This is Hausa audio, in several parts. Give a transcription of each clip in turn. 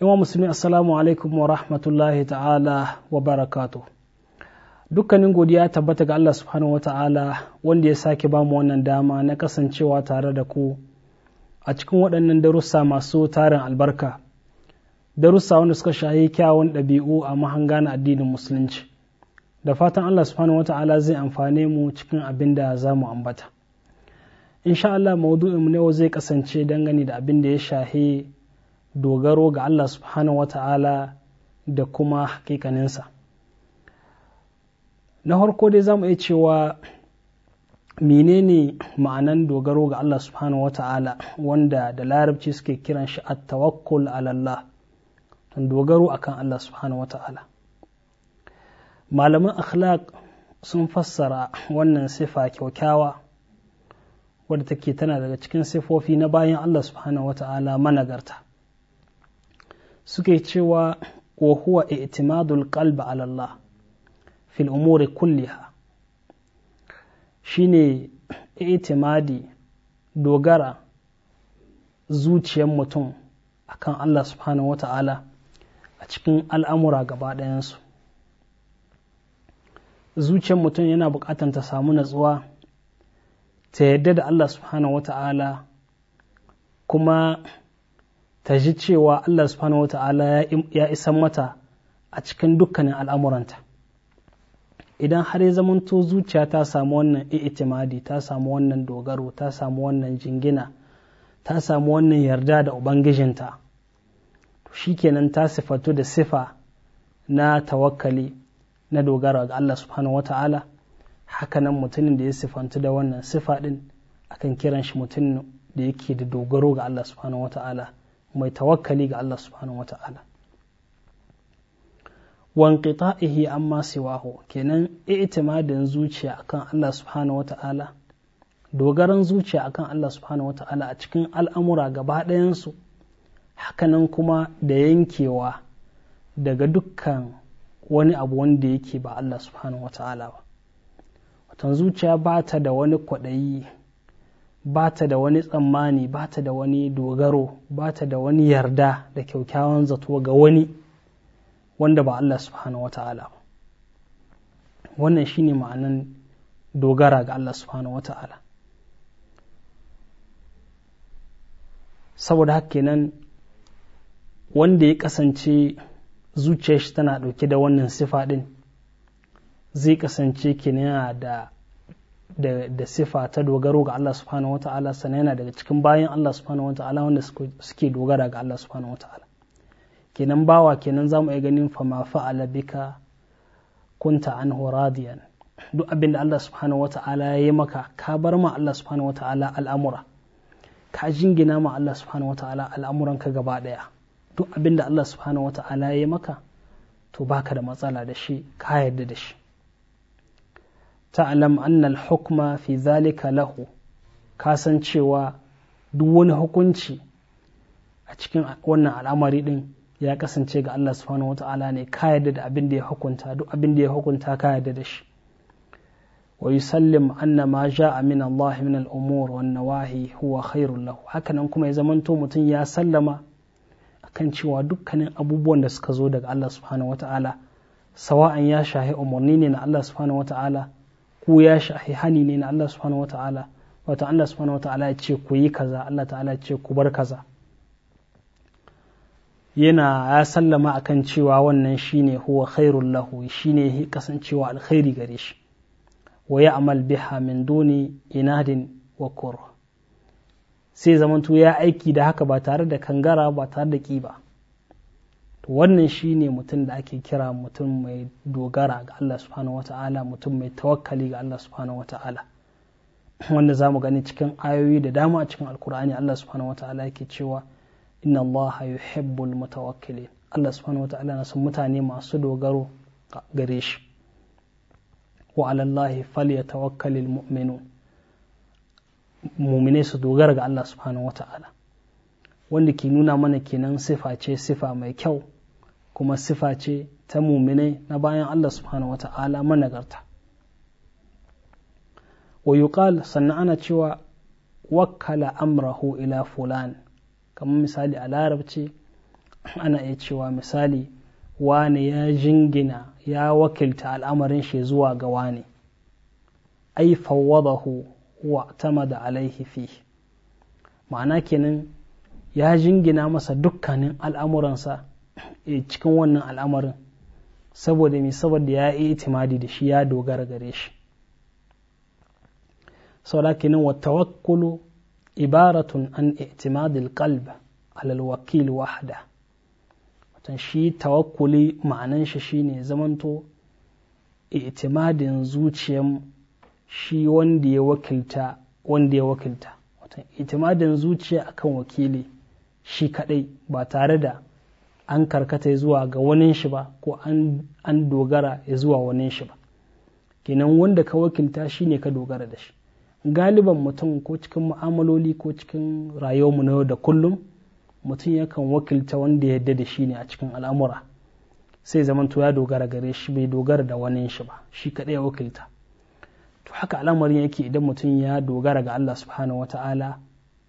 yawan musulmi assalamu alaikum wa rahmatullahi ta'ala wa barakatu dukkanin godiya tabbata ga Allah subhanahu wa ta'ala wanda ya sake bamu wannan dama na kasancewa tare da ku a cikin waɗannan darussa masu tarin albarka darussa wanda suka shahi kyawun ɗabi'u a mahanga na addinin musulunci da fatan Allah subhanahu wa ta'ala zai amfane mu cikin abin da za mu ambata insha Allah maudu'in mu yau zai kasance dangane da abin da ya shahi dogaro ga Allah subhanahu wata'ala da kuma hakikaninsa na harko dai za mu iya cewa menene ma'anan dogaro ga Allah subhanahu wata'ala wanda da larabci suke kiran shi at tawakkul ala don dogaro akan Allah subhanahu wata'ala malaman akhlaq sun fassara wannan sifa kyaukyawa wadda take tana daga cikin sifofi na bayan Allah subhanahu wata'ala managarta suke cewa wa huwa i'timadul qalbi ala Allah fil umuri kulliha shine i'timadi dogara zuciyar mutum akan Allah subhanahu wata'ala a cikin al'amura gaba ɗayansu zuciyar mutum yana buƙatar ta samu natsuwa ta yadda da Allah subhanahu wata'ala kuma ta ji cewa Allah subhanahu wa ta'ala ya isan mata a cikin dukkanin al'amuranta idan har ya zamanto zuciya ta samu wannan i'timadi ta samu wannan dogaro ta samu wannan jingina ta samu wannan yarda da ubangijinta to shi kenan ta sifatu da sifa na tawakkali na dogara ga Allah subhanahu wa ta'ala hakanan mutumin da ya sifantu da wannan sifa din akan kiran shi mutum da yake da dogaro ga Allah subhanahu wa ta'ala mai tawakkali ga Allah subhanahu wata'ala an amma siwaho kenan i'timadin zuciya akan Allah subhanahu wata'ala dogaran zuciya akan Allah subhanahu wata'ala a cikin al'amura gaba ɗayansu hakanan kuma da yankewa daga dukkan wani abu wanda yake ba Allah subhanahu wata'ala ba watan zuciya ba ta da wani kwaɗayi ba ta da wani tsammani ba ta da wani dogaro ba ta da wani yarda da kyaukyawan zato ga wani wanda ba Allah subhanahu wa ta'ala wannan shine ma'anan dogara ga Allah subhanahu wa ta'ala saboda haka kenan wanda ya kasance zuciyar shi tana ɗauke da wannan sifa ɗin zai kasance kenan da da sifa ta dogaro ga Allah subhanahu wa ta'ala sannan yana daga cikin bayan Allah subhanahu wa ta'ala wanda suke dogara ga Allah subhanahu wa ta'ala kenan bawa kenan zamu iya ganin fa ma fa'ala bika kunta an horadiyan duk abin da Allah subhanahu wa ta'ala ya yi maka ka bar ma Allah subhanahu wa ta'ala al'amura ka jingina ma Allah subhanahu wa ta'ala al'amuran ka gaba daya duk abin da Allah subhanahu wa ta'ala ya yi maka to baka da matsala da shi ka yarda da shi ta'alam annal hukma fi zalika lahu kasancewa duk wani hukunci a cikin wannan al'amari din ya kasance ga Allah subhanahu wata'ala ne ka yarda da abin da ya hukunta duk abin da ya hukunta ka yarda da shi wa yusallim anna ma a min Allah min al’umur wannan wahi huwa khairun lahu hakanan kuma ya zamanto mutum ya sallama kan cewa dukkanin abubuwan da suka zo daga Allah subhanahu ta’ala sawa'an ya shahi umarni ne na Allah subhanahu ta’ala ku ya shahi hani ne na Allah subhanahu wata'ala wato Allah subhanahu wata'ala ya ce ku yi kaza Allah ta'ala ya ce ku bar kaza yana ya sallama akan cewa wannan shine huwa khairul lahu shine kasancewa alkhairi gare shi wa Amal biha min duni inadin wa kur sai zamantu ya aiki da haka ba tare da kangara ba tare da ƙiba to wannan ne mutum da ake kira mutum mai dogara ga Allah subhanahu wata'ala mutum mai tawakkali ga Allah subhanahu wata'ala wanda za mu gani cikin ayoyi da dama cikin alkur'ani Allah subhanahu wata'ala yake cewa inna Allah yuhibbul mutawakkilin Allah subhanahu wata'ala na son mutane masu dogaro gare shi wa alallahi falyatawakkalil mu'minun mu'mine su dogara ga Allah subhanahu wata'ala wanda ke nuna mana kenan sifa ce sifa mai kyau kuma sifa ce ta muminai na bayan Allah subhanahu wa ta'ala managarta wa yuqal sannan ana cewa wakkala amrahu ila fulan kamar misali a larabci ana iya cewa misali wane ya jingina ya wakilta al'amarin shi zuwa ga wani. ai fawwadahu wa tamada alaihi fi ma'ana kenan ya jingina masa dukkanin al'amuransa Eh, cikin wannan al'amarin saboda mai saboda ya yi itimadi da shi ya dogara gare shi sau da saurakin wa tawakkulu ibaratun an itimadil kalba alal wahada wahda watan shi tawakkuli ma'anan shi ne zamanto itimadin zuciyar shi wanda ya wakilta wanda ya wakilta watan itimadin zuciya akan wakili shi kadai ba tare da an karkata zuwa ga wanin shi ba ko an dogara ya zuwa wanin shi ba kenan wanda ka wakilta shi ne ka dogara da shi galiban mutum ko cikin ma'amaloli ko cikin rayuwarmu na yau da kullum mutum yakan wakilta wanda ya yarda da shi ne a cikin al'amura sai to ya dogara gare shi bai dogara da wanin shi ba shi kaɗai ya wakilta to haka al'amarin yake idan mutum ya dogara ga Allah subhanahu wata'ala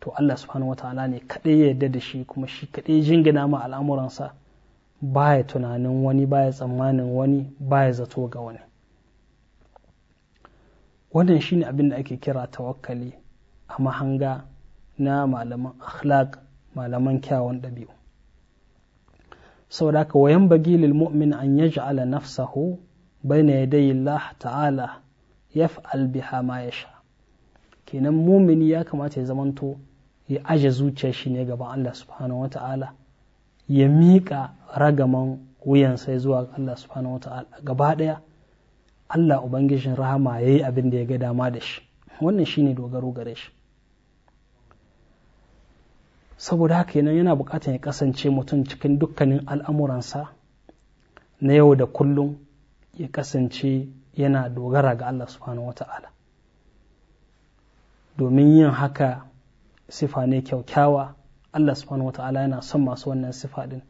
to Allah subhanahu wataala ne kaɗai ya yarda da shi kuma shi kaɗai jingina ma al'amuransa ba ya tunanin wani ba ya tsammanin wani ba ya zato ga wani wannan shine abin da ake kira tawakkali a mahanga na malaman akhlaq malaman kyawun ɗabi'u saboda haka wayan bagi mu'min an yaj'ala nafsahu bayna yaday ta'ala yaf'al biha ma yasha kenan mumini ya kamata ya zamanto ya aje zuciyar shi ne gaba Allah subhanahu ta'ala ya miƙa ragaman wuyansa zuwa Allah subhanahu ta'ala gaba ɗaya Allah ubangijin rahama ya yi abin da ya ga dama da shi wannan shi ne dogaro gare shi saboda haka yana yana bukatar ya kasance mutum cikin dukkanin al'amuransa na yau da kullum ya kasance yana dogara ga Allah subhanahu ta'ala. domin yin haka sifa ne kyaukyawa Allah subhanahu wata'ala yana son masu wannan sifa din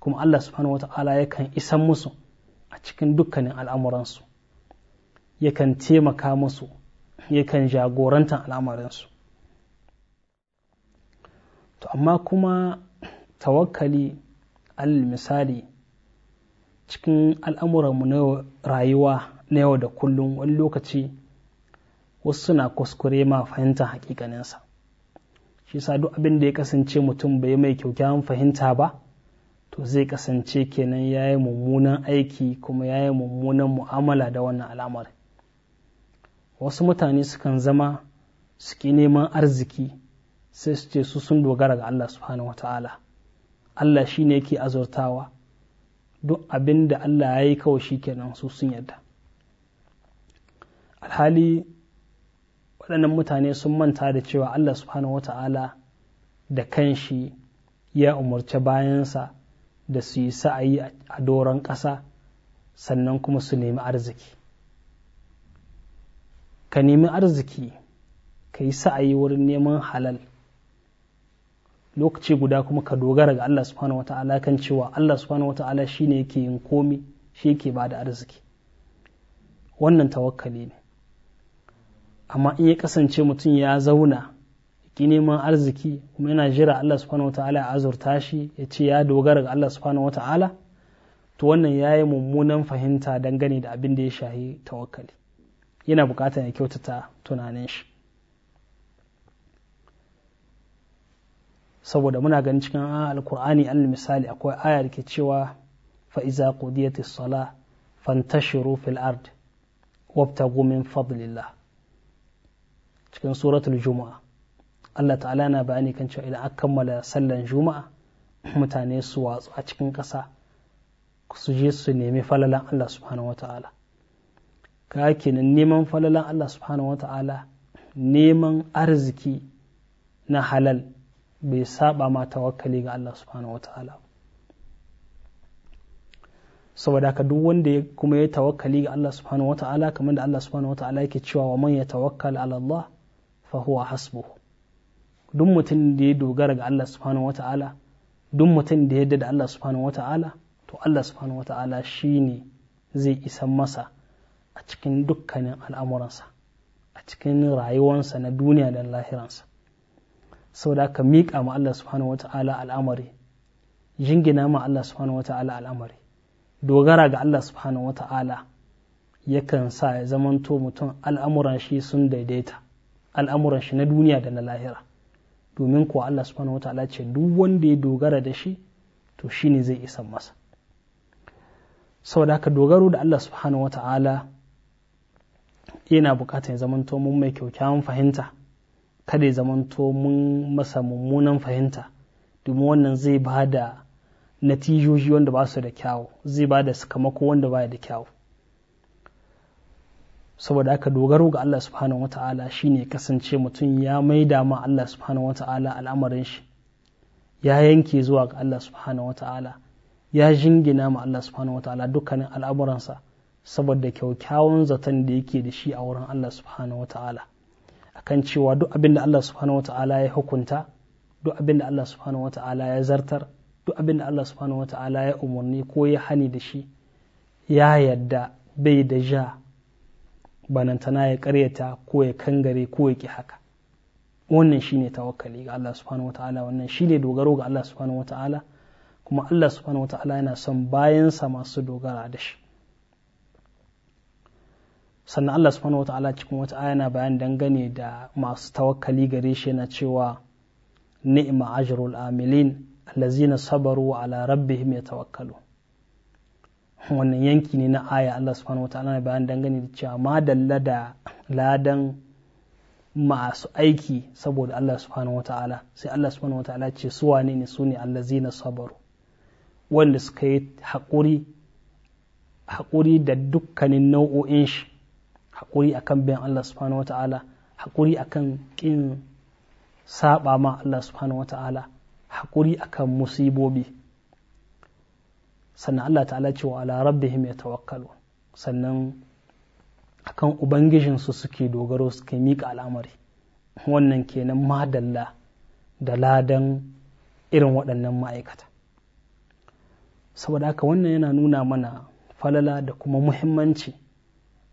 kuma Allah subhanahu wata'ala yakan isan musu a cikin dukkanin al'amuransu yakan taimaka musu yakan jagorantar al'amuransu. to amma kuma tawakkali al misali cikin al'amuranmu na rayuwa na yau da kullum wani lokaci wasu suna kuskure ma fahimtar hakikaninsa shi sa duk abin da ya kasance mutum bai yi mai kyaukyawan fahimta ba to zai kasance kenan ya yi mummunan aiki kuma ya yi mummunan mu'amala da wannan al'amar wasu mutane sukan zama suke neman arziki sai su ce su sun dogara ga Allah subhanahu wata'ala Allah shi ne yake azurtawa duk abin da Allah ya yi kawai shi kenan su sun yarda alhali waɗannan mutane sun manta da cewa Allah subhanahu wa ta'ala da kanshi ya umarci bayansa da su yi sa'ayi a doron ƙasa sannan kuma su nemi arziki ka nemi arziki ka yi sa'ayi wurin neman halal lokaci guda kuma ka dogara ga Allah subhanahu ta’ala kan cewa Allah subhanahu ta’ala shi ne yake yin komi shi yake ba da arziki wannan tawakkali ne amma in ya kasance mutum ya zauna ki neman arziki kuma yana jira Allah subhanahu wataala ya azurta shi ya ce ya dogara ga Allah subhanahu wataala to wannan ya yi mummunan fahimta dangane da abin da ya shahi tawakkali yana bukatar ya kyautata tunanin shi saboda muna ganin cikin alkur'ani al misali akwai aya da ke cewa fa'iza iza qudiyati sala fantashiru fil ard wabtagu min cikin suratul juma'a Allah ta'ala na bayani kan cewa idan aka kammala sallan juma'a mutane su watsu a cikin ƙasa su je su nemi falalan Allah subhanahu wata'ala ka neman falalan Allah subhanahu wata'ala neman arziki na halal bai saba ma tawakkali ga Allah subhanahu wata'ala saboda haka duk wanda kuma ya tawakkali ga Allah subhanahu wata'ala kamar da Allah subhanahu wata'ala yake cewa wa man ya tawakkala ala Allah fa huwa hasbuhu duk mutum da ya dogara ga Allah subhanahu ta'ala duk mutum da ya yarda da Allah subhanahu ta'ala to Allah subhanahu shi shine zai isa masa a cikin dukkanin al'amuransa a cikin rayuwarsa na duniya da lahiransa sau da aka miƙa ma Allah subhanahu ta'ala al'amari jingina ma Allah subhanahu ta'ala al'amari dogara ga Allah subhanahu ta'ala yakan sa ya zamanto mutum al'amuran shi sun daidaita al'amuran shi na duniya da na lahira domin kuwa Allah subhanahu ta'ala ce duk wanda ya dogara da shi to shi ne zai isa masa Sau da haka dogaro da Allah subhanahu ta'ala yana bukatar ya zamanto mun mai kyaukyawan fahimta kada ya zamanto mun masa mummunan fahimta domin wannan zai ba da natijoji wanda ba su da kyawu zai ba da sakamako wanda ba da kyawu saboda aka dogaro ga Allah subhanahu wata'ala shine kasance mutum ya maida ma Allah subhanahu wata'ala al'amarin shi ya yanke zuwa ga Allah subhanahu wata'ala ya jingina ma Allah subhanahu wata'ala dukkanin al'amuransa saboda kyaukyawan zaton da yake da shi a wurin Allah subhanahu wata'ala akan cewa duk abin da Allah subhanahu wata'ala ya hukunta duk abin da Allah subhanahu wata'ala ya zartar duk abin da Allah subhanahu wata'ala ya umarni ko ya hani da shi ya yadda bai da ja banantana ya karyata ko ya kangare ko ya ki haka wannan shine tawakkali ga Allah subhanahu wataala wannan shine dogaro ga Allah subhanahu wataala kuma Allah subhanahu wataala yana son bayansa masu dogara da shi sannan Allah subhanahu wataala cikin wata aya yana bayan dangane da masu tawakkali gare shi yana cewa ni'ma ajrul amilin allazina sabaru ala rabbihim yatawakkalun wannan yanki ne na aya Allah subhanahu wa ta'ala bayan dangane da cewa ma da ladan masu aiki saboda Allah subhanahu wa ta'ala sai Allah subhanahu wa ta'ala ce su wane ne su ne allazina sabaru wanda suka yi haƙuri da dukkanin nau'o'in shi haƙuri akan biyan Allah subhanahu wa ta'ala haƙuri akan ƙin saɓa ma Allah subhanahu wa ta'ala haƙuri akan musibobi sannan Allah ta'ala cewa ala rabbihim yatawakkalu sannan akan ubangijinsu suke dogaro suke miƙa al'amari wannan kenan madalla da ladan irin waɗannan ma'aikata saboda haka wannan yana nuna mana falala da kuma muhimmanci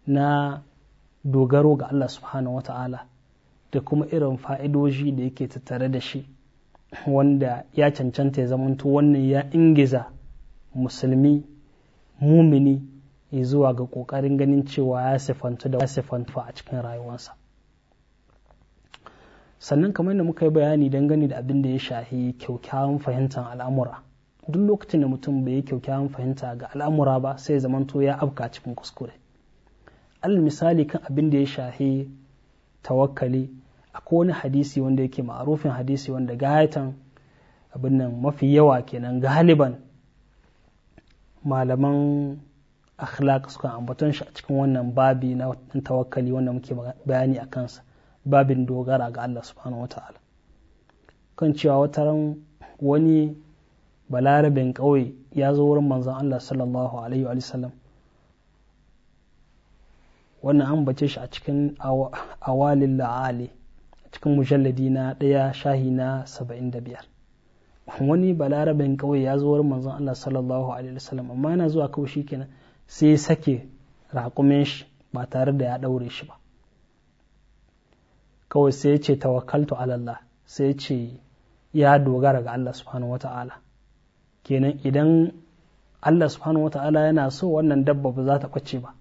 na dogaro ga Allah subhanahu wata'ala da kuma irin fa'idoji da yake tattare da shi wanda ya cancanta ya zamanto wannan ya ingiza musulmi mumini zuwa ga kokarin ganin cewa ya sifantu da sifantu a cikin rayuwarsa sannan kamar da muka yi bayani gani da abin da ya shahi kyaukyawan fahimtar al'amura duk lokacin da mutum bai yi kyaukyawan fahimta ga al'amura ba sai zamanto ya afka cikin kuskure al misali kan abin da ya shahi tawakkali akwai wani hadisi wanda yake ma'arufin hadisi wanda gayatan abin nan mafi yawa kenan galiban malaman akhlaq suka ambaton shi a cikin wannan babi na tawakkali wanda muke bayani a kansa babin dogara ga Allah subhanahu wata'ala kan cewa wata ran wani balarabin ƙauye ya zo wurin manzon Allah sallallahu alaihi wa sallam wannan an bace shi a cikin awalin la'ali cikin mujalladi na ɗaya shahi na saba'in da biyar wani balarabin kawai ya zo manzon Allah sallallahu alaihi wasallam amma yana zuwa kawai shikenan sai ya sake raƙumin shi ba tare da ya ɗaure shi ba kawai sai ya ce tawakkaltu ala Allah sai ya ce ya dogara ga Allah subhanahu wata'ala kenan idan Allah subhanahu wata'ala yana so wannan dabba ba za ta kwace ba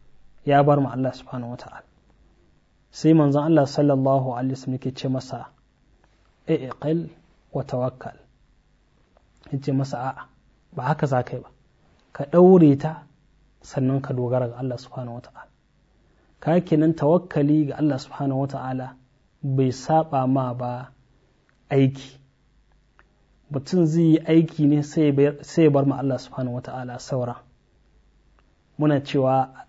ya bar ma Allah subhanahu wata'ala sai manzon Allah sallallahu alaihi wasallam ke ce masa iqil wa tawakkal ya ce masa a'a ba haka za ka yi ba ka ɗaure ta sannan ka dogara ga Allah subhanahu wata'ala ka kenan tawakkali ga Allah subhanahu wata'ala bai saba ma ba aiki mutum zai yi aiki ne sai bar ma Allah subhanahu wata'ala saura muna cewa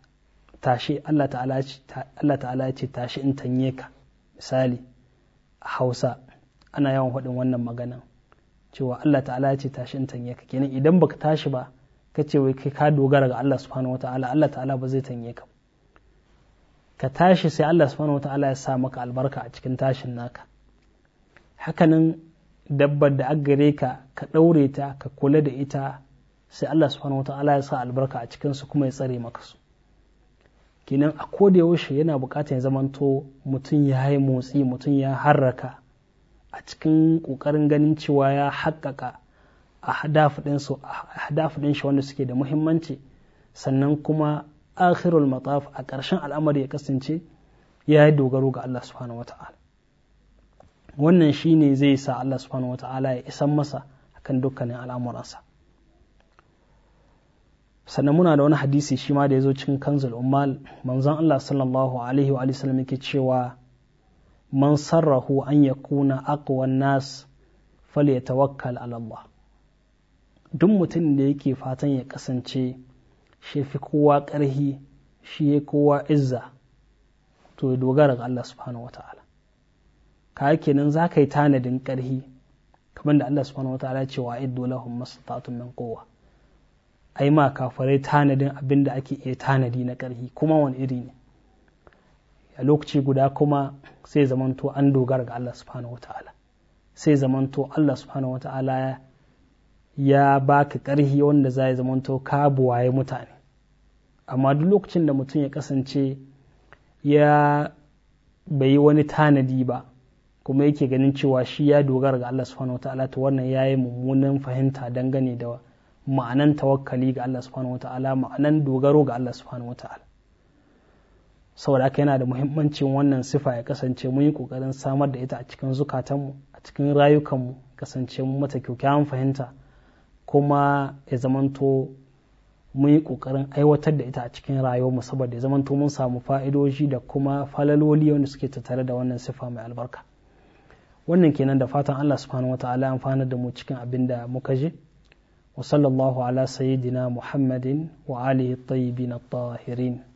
tashi Allah ta'ala ce tashi in tanye ka misali a hausa ana yawan faɗin wannan maganan cewa Allah ta'ala ya ce tashi in tanye ka kenan idan baka tashi ba ka ce wai kai ka dogara ga Allah subhanahu wata'ala Allah ta'ala ba zai tanye ka ka tashi sai Allah subhanahu wata'ala ya sa maka albarka a cikin tashin naka hakanan dabbar da gare ka ka ɗaure ta ka kula da ita sai Allah subhanahu wata'ala ya sa albarka a cikin su kuma ya tsare maka su kenan a koda yaushe yana bukatar ya zamanto mutum ya yi motsi mutum ya harraka a cikin ƙoƙarin ganin cewa ya haƙaƙa a hadafudin shi wanda suke da muhimmanci sannan kuma akhirul mataf a ƙarshen al'amari ya kasance ya yi dogaro ga Allah subhanahu wa ta'ala wannan shi ne zai sa Allah subhanahu wa ta'ala ya isan masa akan dukkanin al'amuransa sannan muna da wani hadisi shi ma da ya zo cikin kanzul umar manzon Allah sallallahu alaihi wa sallam yake cewa man sarrahu an yakuna aqwan nas falyatawakkal ala Allah duk mutum da yake fatan ya kasance shi fi kowa ƙarhi shi ya kowa izza to ya dogara ga Allah subhanahu wata'ala ka nan za ka yi tanadin ƙarhi kamar da Allah subhanahu wata'ala ce wa iddu lahum mastatun min quwwa ai ma kafarai tanadin abin da ake iya tanadi na ƙarhi kuma wani iri ne a lokaci guda kuma sai zamanto an dogara ga Allah subhanahu wata'ala sai zamanto Allah subhanahu wata'ala ya baka ƙarhi wanda za ya zamanto ka buwaye mutane amma duk lokacin da mutum ya kasance ya bai wani tanadi ba kuma yake ganin cewa shi ya dogara ga Allah subhanahu wata'ala to wannan ya yi mummunan fahimta dangane da ma'anan tawakkali ga Allah subhanahu wata'ala ma'anan dogaro ga Allah subhanahu wata'ala saboda haka yana da muhimmancin wannan sifa ya kasance mun yi kokarin samar da ita a cikin zukatanmu a cikin rayukanmu kasance mun mata kyakkyawan fahimta kuma ya zamanto mun yi kokarin aiwatar da ita a cikin rayuwarmu saboda ya zamanto mun samu fa'idoji da kuma falaloli wanda suke tattare da wannan sifa mai albarka wannan kenan da fatan Allah subhanahu wataala ya amfana da mu cikin abin da muka je wa sallallahu ala sayyidina muhammadin wa alihi tayyibin at-tahirin